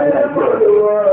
ìlànà ìjọ rẹ̀.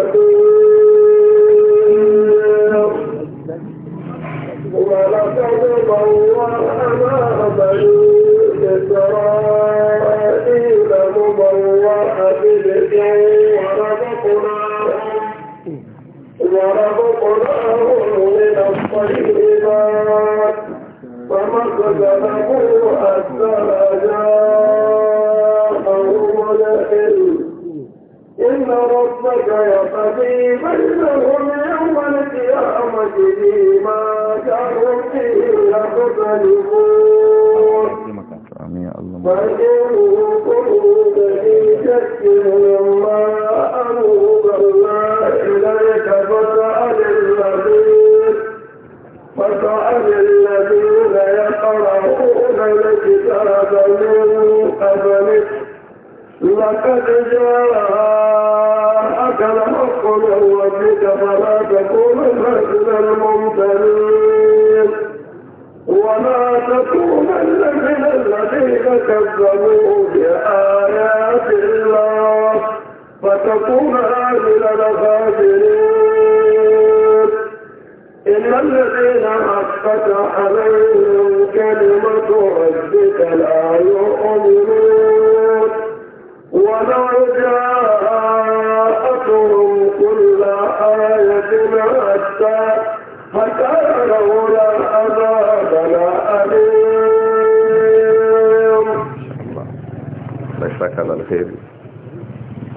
الخير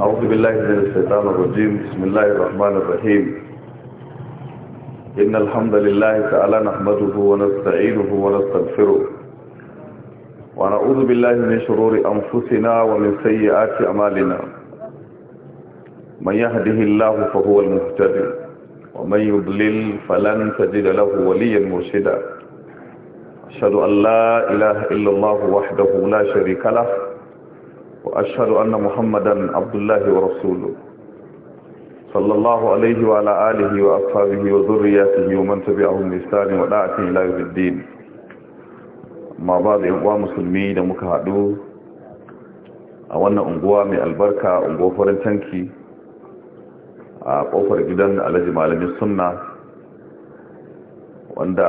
أعوذ بالله من الشيطان الرجيم بسم الله الرحمن الرحيم إن الحمد لله تعالى نحمده ونستعينه ونستغفره ونعوذ بالله من شرور أنفسنا ومن سيئات أمالنا من يهده الله فهو المهتدي ومن يضلل فلن تجد له وليا مرشدا أشهد أن لا إله إلا الله وحده لا شريك له وأشهد أن محمدا عبد الله ورسوله صلى الله عليه وعلى آله وأصحابه وذرياته ومن تبعهم بإحسان ودعته إلى يوم الدين ما بعد إخوان مسلمين مكهدو a wannan unguwa mai albarka unguwa farin tanki a kofar gidan alhaji malamin sunna wanda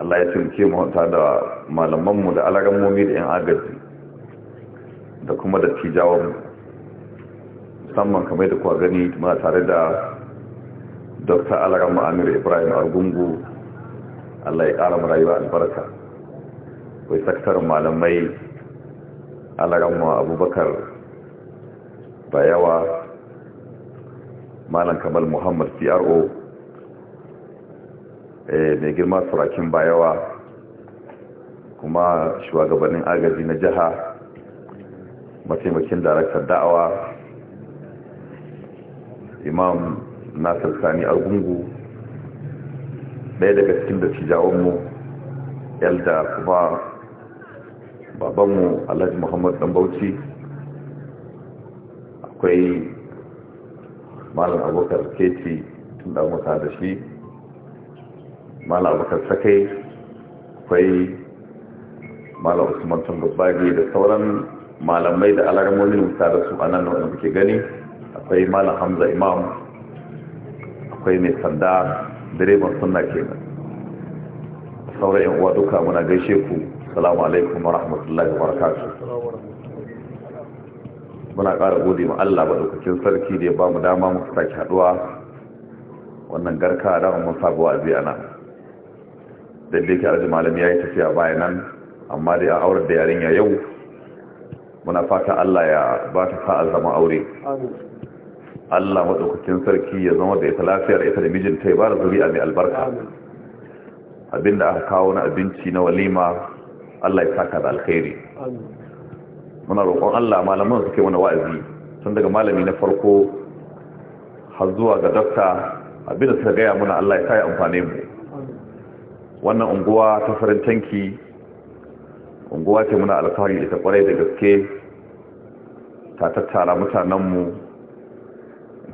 Allah ya tilke mahauta da malamanmu da momi da 'yan agaji da kuma da tijawan musamman kamar da kuwa gani muna tare da dr alaramma amir ibrahim argungu Allah ya ƙara marayuwa albarka wai saktar malamai alaramma abubakar bayawa malam kamal muhammad pro eh, mai girma surakin bayawa kuma shugabannin agaji na jiha mataimakin daraktar da'awa imam nasir sani argungu ɗaya daga cikin da yal yalda kuma babanmu alhaji muhammad ɗan bauchi akwai malam abokar keci tun da muka da shi malam abokar sakai akwai malam usman tun babbage da sauran malamai da alarmoni musa da su anan wanda muke gani akwai malam hamza imam akwai mai sanda direban sunna kenan sauran yan uwa duka muna gaishe ku Salamu alaikum wa rahmatullahi wa barakatuh muna ƙara gode ma Allah ba daukakin sarki da ya ba mu dama mu sake haɗuwa wannan garka da mun sabuwa a biya nan da yake arji malami ya yi tafiya bayan nan amma dai an aurar da yarinya yau muna fata Allah ya ba ta sa'a zama aure Allah maɗaukakin sarki ya zama da ita lafiyar ita da mijinta ya ba da zuri'a mai albarka abinda aka kawo na abinci na walima Allah ya saka da alkhairi muna roƙon Allah malaman suke wani wa'azi tun daga malami na farko har zuwa ga dokta abinda suka gaya muna Allah ya sa ya amfane mu wannan unguwa ta farin tanki unguwa ce muna alfahari ita kwarai da gaske ta tattara mutanenmu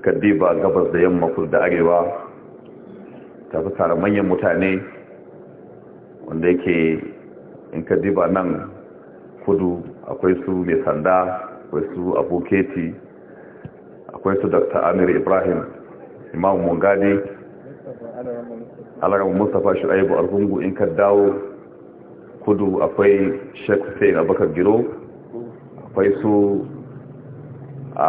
kaddiba gabas da yamma kudu da arewa ta tattara manyan mutane wanda yake in kaddiba nan kudu akwai su mai sanda akwai su aboketi akwai su dr amir ibrahim imam mungadi alaƙar mustapha shu'aibu alhungu in ka dawo kudu akwai sheikh hussein abakar giro akwai su a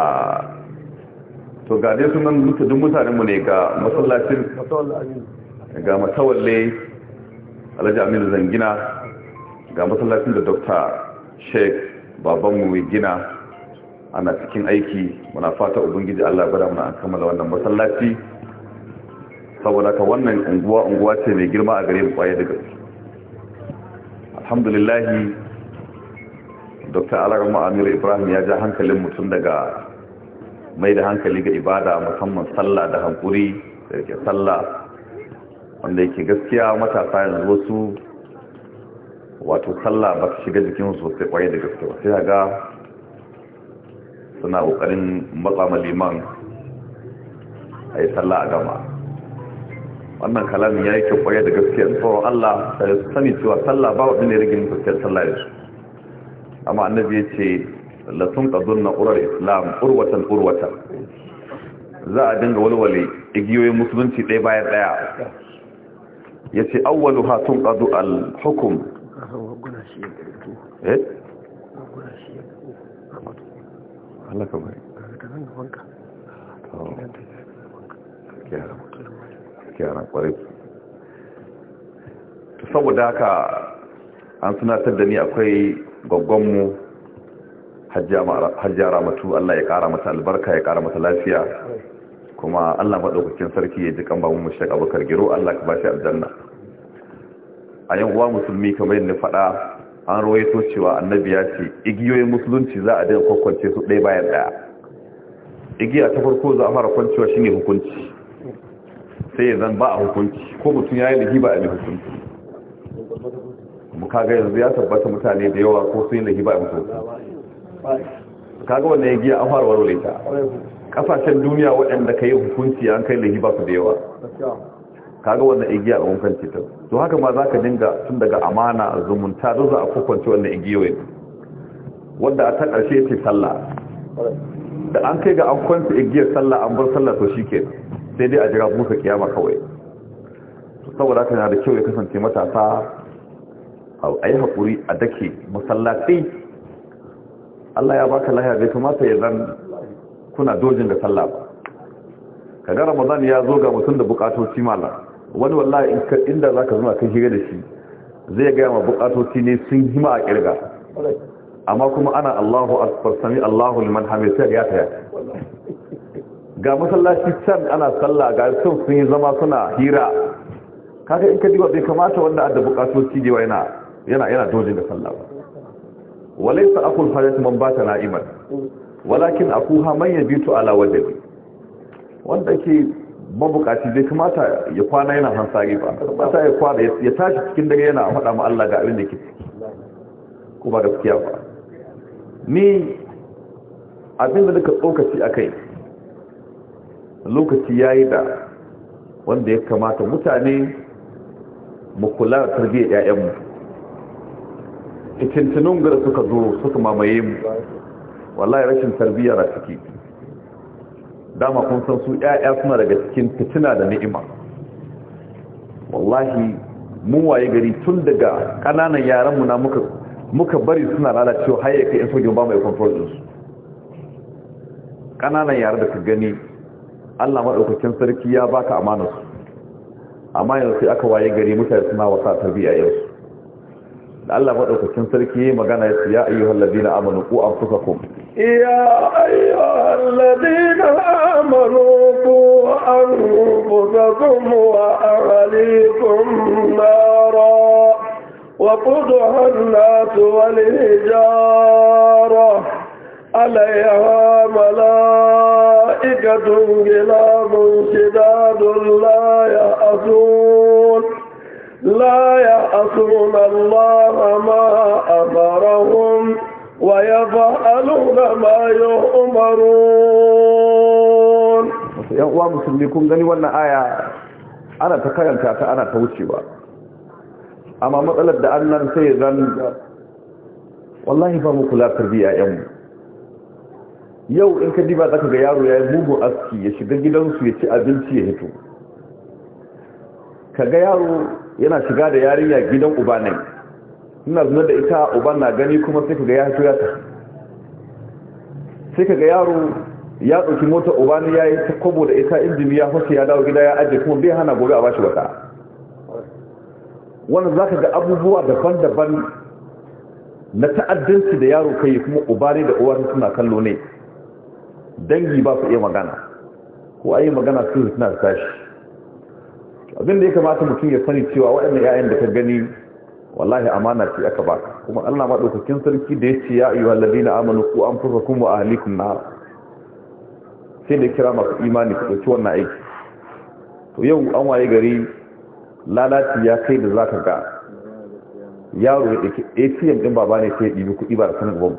to ga dai mutu mutadun mutanenmu ne ga masallacin ga matawalle alhaji aminu zangina ga masallacin da Dr. sheik babanmu mai gina ana cikin aiki muna fata ubangiji Allah bada muna an kammala wannan masallaci saboda ka wannan unguwa unguwa ce mai girma a gare mu kwaye daga alhamdulillah dr alarma amiru ibrahim ya ja hankalin mutum daga mai da hankali ga ibada musamman sallah da hankuri da yake sallah wanda yake gaskiya matasa yanzu wasu wato sallah ba ta shiga jikin sosai kwaye da gaske sai ga suna kokarin matsama liman a yi sallah a gama wannan kalamin ya yi kyau kwaye da gaske in tsoron allah sai su sani cewa sallah ba wadda ne rigin sosai sallah da su amma annabi ya ce latun ƙazun na ƙurar islam urwatan urwatan za a dinga walwale igiyoyin musulunci ɗaya bayan ɗaya ya ce awwalu ha tun ƙazu al-hukum saboda haka an da ni akwai gwaggonmu hajjara matu Allah ya kara mata albarka ya kara mata lafiya kuma Allah maɗaukacin sarki ya ji kan ba mu shek abokar giro Allah ka ba shi aljanna a yan uwa musulmi kamar yadda faɗa an rawaito cewa annabi ya ce igiyoyin musulunci za a dinga kwakwance su ɗaya bayan ɗaya igiya ta farko za a fara kwancewa shine hukunci sai ya zan ba a hukunci ko mutum ya yi lahiba ba a yi hukunci kaga yanzu ya tabbata mutane da yawa ko sun yi lahi a hukunci kaga wannan igiya an fara warware ta ƙasashen duniya waɗanda ka yi hukunci an kai lahiba su da yawa kaga wannan igiya a wankan ce to haka ma za ka dinga tun daga amana zumunta duk za a kwakwance wannan igiyoyin wanda a ta ƙarshe ce sallah da an kai ga an kwanta igiyar sallah an bar sallah to shi ke sai dai a jira busa kiyama kawai saboda haka yana da kyau ya kasance matasa a yi haƙuri a dake masallaci Allah ya baka lahiya bai kamata ya zan kuna dojin da sallah ba kaga ramadan ya zo ga mutum da bukatoci malam wani wallahi inda za ka zama kan shiga da shi zai gaya ma bukatoci ne sun hima a kirga amma kuma ana allahu akbar farsami allahu liman hamid sai ya taya ga masallaci can ana sallah ga sun sun yi zama suna hira Kaka in ka diwa bai kamata wanda adda bukatoci da yana yana dojin da sallah ba walaysa aqul hajat man bata na'imar. walakin akuha man bitu ala wajen wanda ke mabukaci zai kamata ya kwana yana hansari ba ta ya kwana ya tashi cikin dare yana faɗa ma Allah ga abin da ke ciki ko ba gaskiya ba ni abin da duka tsokaci a kai lokaci ya yi da wanda ya kamata mutane mu kula da tarbiyyar 'ya'yanmu fitintunan gara suka zo suka mamaye mu wallahi rashin tarbiyyar a ciki dama kun san su ƴaƴa suna daga cikin fitina da ni'ima wallahi mun waye gari tun daga ƙananan yaran mu na muka muka bari suna lalacewa har yake in so ba mai control din su ƙananan yaran da ka gani Allah madaukakin sarki ya baka amana su amma yanzu sai aka waye gari mutane suna wasa tarbiya yau da Allah madaukakin sarki magana ya ce ya ayyuhal ladina amanu qu anfusakum يا أيها الذين آمنوا قوا أنفسكم وأهليكم نارا وقضها الناس والهجارة عليها ملائكة غلاب شداد لا يأسون لا يأسون الله ما أمرهم ويفعلون ما يؤمرون yan uwa musulmi kun gani wannan aya ana ta karanta ta ana ta wucewa amma matsalar da annan sai zan wallahi ba mu kula tarbiya yan yau in ka diba zaka ga yaro yayi mugu aski ya shiga gidansu ya ci abinci ya hito kaga yaro yana shiga da yarinya gidan uba nan ina zuna da ita uban na gani kuma sai kaga ya ya sai kaga yaro ya ɗauki mota uban ya yi ta kwabo da ita injini ya fashe ya dawo gida ya ajiye kuma bai hana gobe a bashi wata wannan za ka ga abubuwa daban-daban na ta'addanci da yaro kai kuma uba ne da uwa suna kallo ne dangi ba su iya magana ko a magana su suna tashi abinda ya kamata mutum ya sani cewa waɗanda 'ya'yan da ka gani wallahi amana ce aka ba kuma Allah madaukakin sarki da yace ya ayu alladina amanu ku anfusakum wa ahlikum na. sai da kira masu imani ku dauki wannan aiki to yau an waye gari lalaci ya kai da zaka ga yaro ya ke ATM din baba ne sai ya dibi kuɗi ba da sanin uban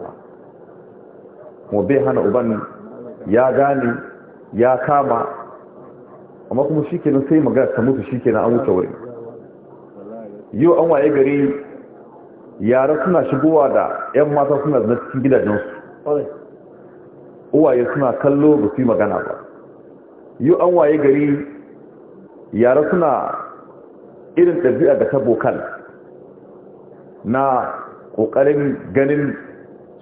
kuma bai hana uban ya gane ya kama amma kuma shikenan sai magana ta mutu shikenan an wuce wurin yau an waye gari yara suna shigowa da 'yan mata suna zina cikin gidajensu uwaye suna kallo ba su magana ba yau an waye gari yara suna irin ɗabi'a da ta bokal na ƙoƙarin ganin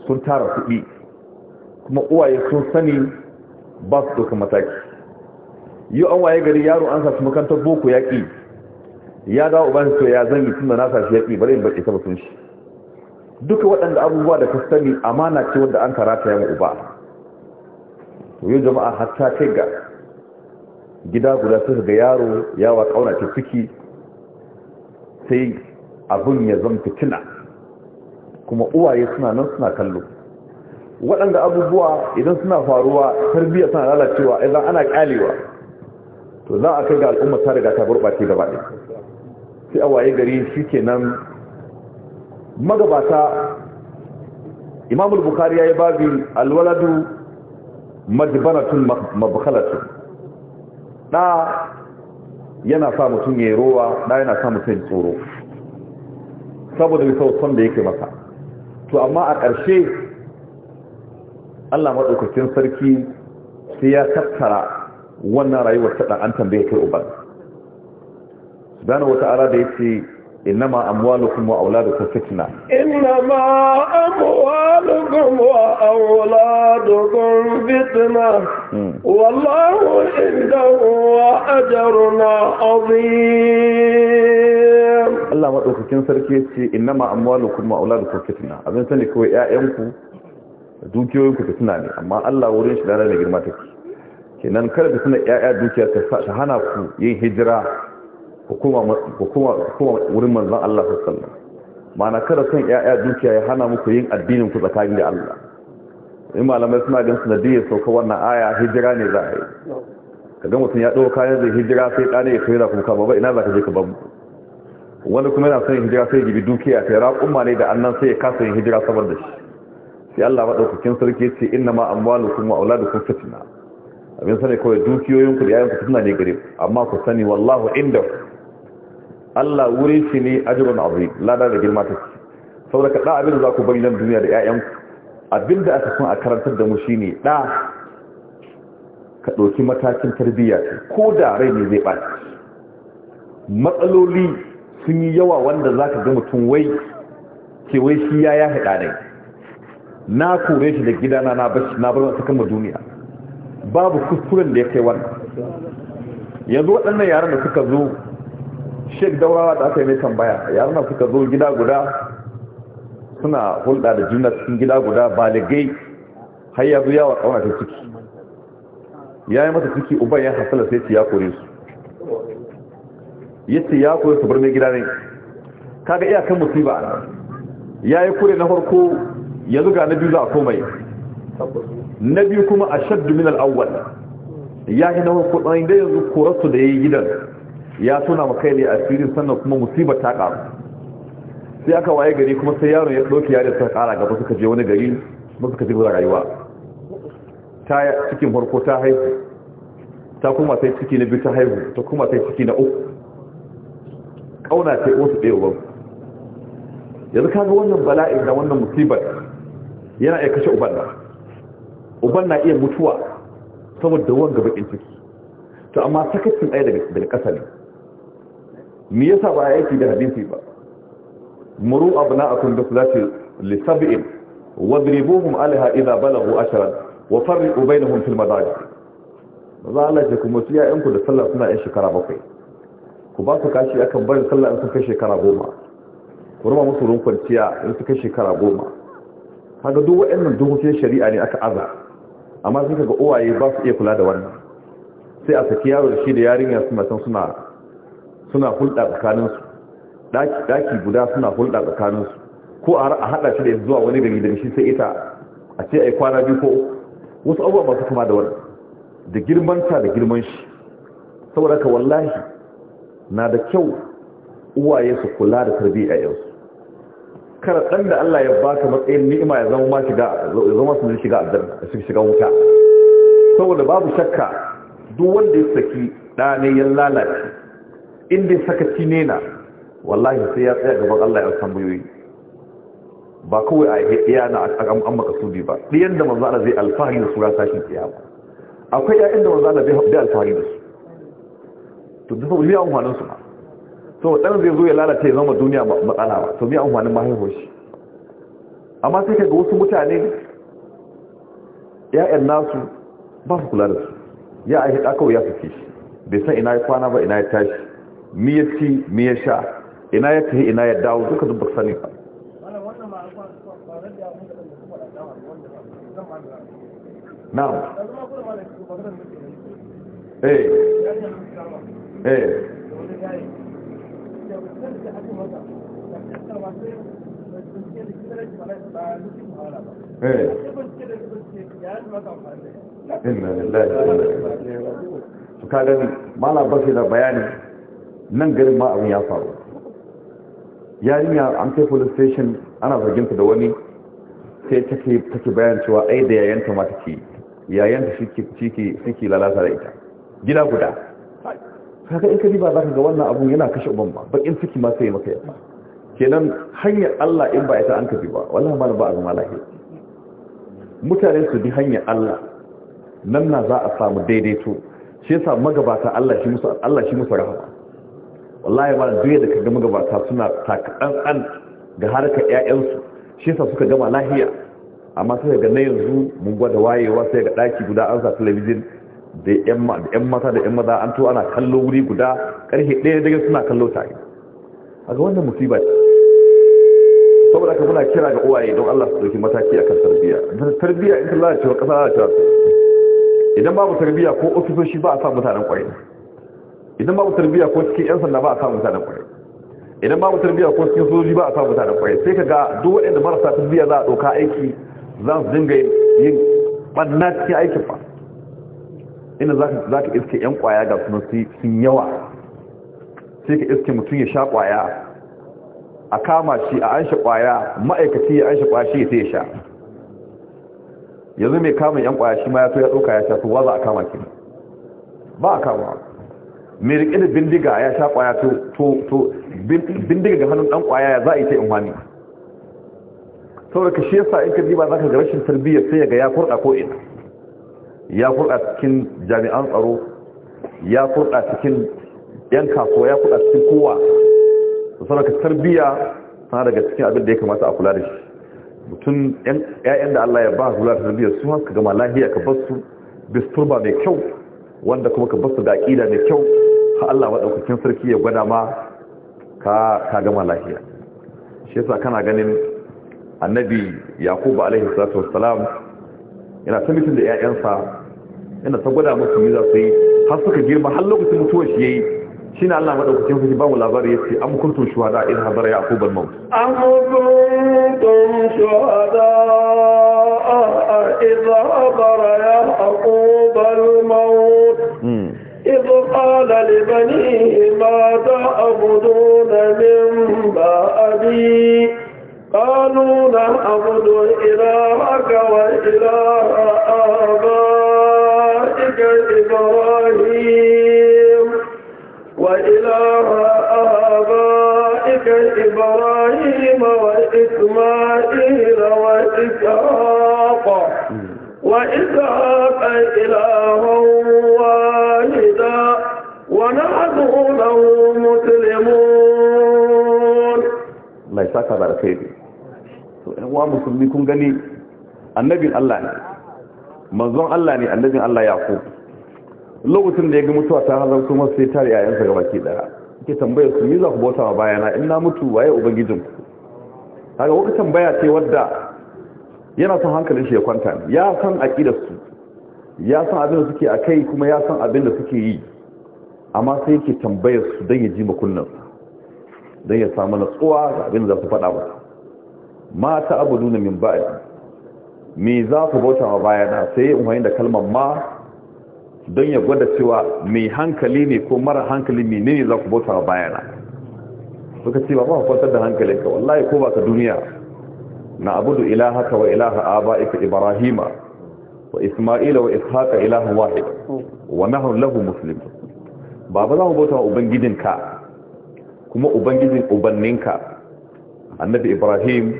sun tara kuɗi kuma uwaye sun sani ba su mataki yau an waye gari yaro an sa su makantar boko yaƙi ya dawo uban to ya zan yi tunda na shi ya ƙi bari in baƙi ta sun shi duka waɗanda abubuwa da ka sani amana ce wanda an karata yawan uba to yi jama'a hatta kai ga gida guda sai ga yaro yawa ƙauna ce ciki sai abin ya zama fitina kuma uwaye suna nan suna kallo waɗanda abubuwa idan suna faruwa tarbiyya suna lalacewa idan ana ƙalewa to za a kai ga al'umma ta riga ta gurɓace gaba ɗaya sai a waye gari shi kenan magabata imamul bukari ya yi babi alwaladu majibanatun mabakalatun ɗa yana sa mutum ya yi rowa ɗa yana sa mutum tsoro saboda bisa wasan da yake masa to amma a ƙarshe allah maɗaukacin sarki sai ya tattara wannan rayuwar taɗa an tambaye kai ubansa subhanahu wata'ala da yace innama amwalukum wa auladukum fitna innama amwalukum wa auladukum fitna hmm. wallahu indahu ajrun azim Allah madaukakin sarki yace innama amwalukum wa auladukum fitna abin sani kawai ƴaƴanku dukiyoyinku fitna ne amma Allah wurin shi da girma take kenan kada da suna ƴaƴa dukiyar ta hana ku yin hijira hukuma wurin manzan Allah ma mana kada son ‘ya'ya dukiya ya hana muku yin addinin ku tsakani da Allah in malamai suna gan sanadiyyar sauka wannan aya hijira ne za a yi ka gan mutum ya ɗauka kayan zai hijira sai ɗane ya kai da kuma kama ba ina za ka je ka babu Wani kuma yana son hijira sai gibi dukiya sai raƙumma ne da annan sai ya kasa yin hijira saboda shi sai Allah maɗaukakin sarki ce inna ma amwalukum wa kun fitna abin sani kawai dukiyoyinku da yayin ku suna ne gare amma ku sani wallahu inda Allah wuri shi ne ajrun azim lada da girma ta ce saboda ka da abin da za ku bari nan duniya da 'ya'yanku. abin da aka sun a karantar da mu shine Ɗa ka ɗauki matakin tarbiyya ko da rai ne zai ɓaci matsaloli sun yi yawa wanda za ka ga mutum wai ke wai shi ya ya haɗa na kore shi da gidana na bashi na bar wata kama duniya babu kuskuren da ya kai wannan yanzu waɗannan yaran da suka zo sheik daurawa da aka yi mai tambaya yaruna suka zo gida guda suna hulɗa da juna cikin gida guda baligai har ya zuya yawa ƙauna ta ciki ya yi mata ciki uban ya hasala sai ci ya kore su yi ci ya kore su bar gida ne kaga iyakan musiba a nan ya yi kore na farko ya zuga na biyu za a komai na biyu kuma a shaddu min al'awwal ya yi na farko ɗan da yanzu korarsu da ya yi gidan ya tuna ma kai ne asirin sannan kuma musibar ta karu sai aka waye gari kuma sai yaron ya ɗauki yare suka ƙara gaba suka je wani gari suka ji rayuwa ta cikin farko ta haihu ta kuma sai ciki na biyu ta haihu ta kuma sai ciki na uku ƙauna ce wasu ɗaya ba yanzu kaga wannan bala'in da wannan musibar yana iya kashe uban na uban na iya mutuwa saboda wanga bakin ciki to amma sakacin ɗaya daga ƙasa ne Ni yasa ba yake da hadisi ba muru abna'akum bi salati li sab'in wadribuhum 'alaha idha balagu ashran wa farriqu bainahum fil madaji za Allah ce kuma su in ku da sallah suna yin shekara bakwai ku ba su kashi akan barin sallah in sun kai shekara goma ku ruma musu rum kwanciya in sun kai shekara goma kaga duk waɗannan dokokin shari'a ne aka aza amma sai kaga uwaye ba su iya kula da wannan sai a saki yaro da shi da yarinya su matan suna suna hulɗa tsakaninsu ɗaki guda suna hulɗa tsakaninsu ko a haɗa shi da zuwa wani gari da shi sai ita a ce a yi kwana biyu ko wasu abubuwa masu kama da wani da girmanta da girman shi saboda ka wallahi na da kyau uwaye su kula da tarbiyya yansu kar ɗan da Allah ya baka matsayin ni'ima ya zama ma shiga zama su shiga aljanna shiga wuta saboda babu shakka duk wanda ya saki ɗane ya lalace inda ya saka cine na wallahi sai ya tsaya gaban Allah ya tambayoyi ba kawai a iya na an makasudi ba ɗiyan da manzo Allah zai alfahari da su ran tashin ba akwai 'ya'yan da manzo Allah bai alfahari da su to dafa, saboda biya amfanin su to dan zai zo ya lalata ya zama duniya matsala ba to biya amfanin haihuwa shi amma sai kaga wasu mutane 'ya'yan nasu ba su kula da su ya aiki da kawai ya fice shi bai san ina ya kwana ba ina ya tashi mi ya ci mi ya sha ina ya tafi ina ya dawo duka zuba sani ba na'am eh. Eh. Ina eh inna lillahi wa da ilaihi bayani nan garin ma abin ya faru yarinya an kai police station ana zarginta da wani sai take take bayan cewa ai da yayanta ma take yayanta shike shike shike lalata da ita gida guda kaga in ka diba ka ga wannan abun yana kashe uban ba bakin ciki ma sai maka yasa kenan hanyar Allah in ba ita an kafi ba wallahi ma ba azuma lahi mutane su bi hanyar Allah nan na za a samu daidaito shi yasa magabata Allah shi musu Allah shi musu rahama wallahi ba duk da ka gama gabata suna takaɗan ga harkar 'ya'yansu shi yasa suka gama lahiya amma sai ga na yanzu mun gwada wayewa sai ga ɗaki guda an sa talabijin da ƴan mata da ƴan maza an to ana kallo wuri guda ƙarfe ɗaya daga suna kallo tare a ga wannan ce saboda aka muna kira ga uwaye don Allah su ɗauki mataki akan tarbiyya tarbiyya in ta lalacewa ƙasa lalacewa idan babu tarbiyya ko ofisoshi ba a sa mutanen ƙwai idan babu tarbiya ko cikin yan sanda ba a samu mutanen kwarai idan babu tarbiya ko cikin sojoji ba a samu mutanen kwarai sai ka ga duk waɗanda marasa tarbiya za a ɗauka aiki za su dinga yin ɓanna cikin aikin ba ina za ka iske yan kwaya ga sun yawa sai ka iske mutum ya sha kwaya a kama shi a an kwaya ma'aikaci ya an shi kwaya shi sai ya sha yanzu mai kama yan kwaya shi ma ya to ya ɗauka ya sha su wa za a kama ki ba a kama mai riƙe da bindiga ya sha ƙwaya to bindiga ga hannun ɗan ƙwaya ya za a yi ta in wani saboda ka shi yasa in ka diba za ka ga rashin tarbiyyar sai ga ya kurɗa ko ina ya kurɗa cikin jami'an tsaro ya kurɗa cikin yan kasuwa ya kurɗa cikin kowa saboda ka tarbiyya tana daga cikin abin da ya kamata a kula da shi mutum ƴaƴan da Allah ya ba su kula tarbiyyar su ka gama lahiya ka bar su disturba mai kyau wanda kuma ka basu da aƙida mai kyau ha Allah maɗaukakin sarki ya gwada ma ka gama lafiya shi yasa kana ganin annabi yakubu alaihi salatu wassalam yana ta mutum da 'ya'yansa yana ta gwada musu yi za su yi har suka girma har lokacin mutuwar shi ya yi shi na Allah maɗaukacin sarki ba mu labari ce an kuntum shuhada in hadara yaqub al maut am kuntum shuhada idha hadara yaqub al maut قال لبنيه ما تعبدون من بعدي قالوا نعبد إلهك وإله آبائك إبراهيم وإله آبائك إبراهيم وإسماعيل وإسحاق وإسحاق إله واحد ونحن له مسلمون يساك هو مسلمي غني Allah ne manzon Allah ne lokacin da ya ga mutuwa ta hanzar kuma sai tare yansa gaba ke daya ke tambaya su yi za ku bauta wa bayana in na mutu waye ubangijin ku haka wata tambaya ce wadda yana son hankalin shi ya kwanta ya san aqidar su ya san abin da suke a kai kuma ya san abin da suke yi amma sai yake tambayar su don ya ji makunnansu don ya samu natsuwa ga abin da su faɗa ba ma ta abu nuna min ba'a me za ku bauta ma bayana sai in da kalmar ma don ya gwada cewa mai hankali ne ko mara hankali mene ne za ku bauta ma bayana suka ce ba ba kwantar da hankalinka wallahi ko ba ka duniya na abudu ilahaka wa ilaha aba'ika ibrahima wa isma'ila wa ishaqa ilahan wahid wa nahnu lahu muslimun ba ba za mu bauta wa ubangijinka kuma ubangijin ubanninka annabi ibrahim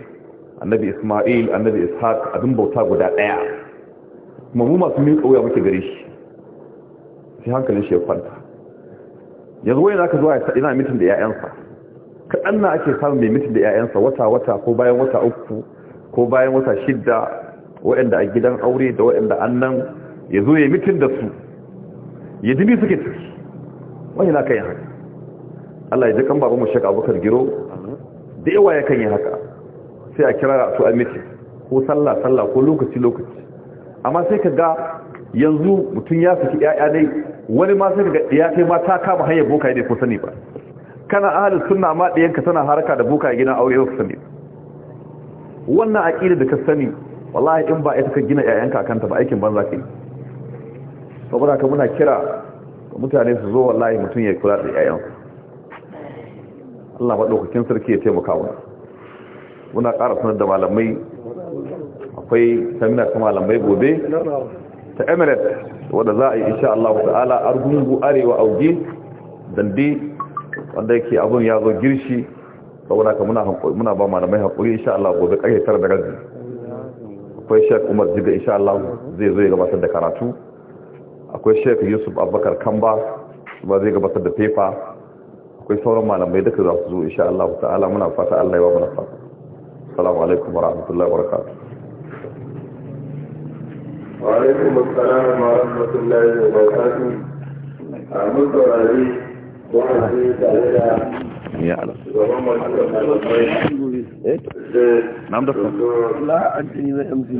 annabi isma'il annabi ishaq abin bauta guda daya kuma mu masu min ya muke gare shi sai hankalin shi ya kwanta yanzu wani zaka zuwa ya ina mitin da 'ya'yansa. kaɗan na ake samun mai mitin da 'ya'yansa wata-wata ko bayan wata uku ko bayan wata shidda waɗanda a gidan aure da waɗanda annan ya zo ya mitin da su ya jini suke ciki wani na kan yi haka Allah ya ji kan babu mashaka abokar giro da yawa ya kan yi haka sai a kira su a miti ko sallah sallah ko lokaci lokaci amma sai ka ga yanzu mutum ya saki ƴaƴa dai wani ma sai ga ya kai mata ta kama hanyar boka ne ko sani ba kana ahalin sunna ma ka tana haraka da boka gidan aure ko sani wannan aqida da ka sani wallahi in ba ita ka gina ƴaƴanka kanta ba aikin banza ba saboda ka muna kira mutane su zo wallahi mutum ya kula da yayan Allah madaukakin sarki ya taimaka wa muna ƙara sanar da malamai akwai samina ta malamai gobe ta emirates wadda za a yi insha Allah ta'ala argungu arewa auge dande wanda yake abun ya zo girshi saboda ka muna muna ba malamai hakuri insha Allah gobe ƙarfe tara da gazi akwai shek Umar Jiga insha Allah zai zo ya gabatar da karatu akwai sheik yusuf abubakar kamba ba zai gabatar da fefa akwai sauran malamai duka za su zo insha Allah ta'ala muna fata Allah ya muna fata salamu alaikum wa rahmatullahi wa barakatuh wa rahmatullahi ya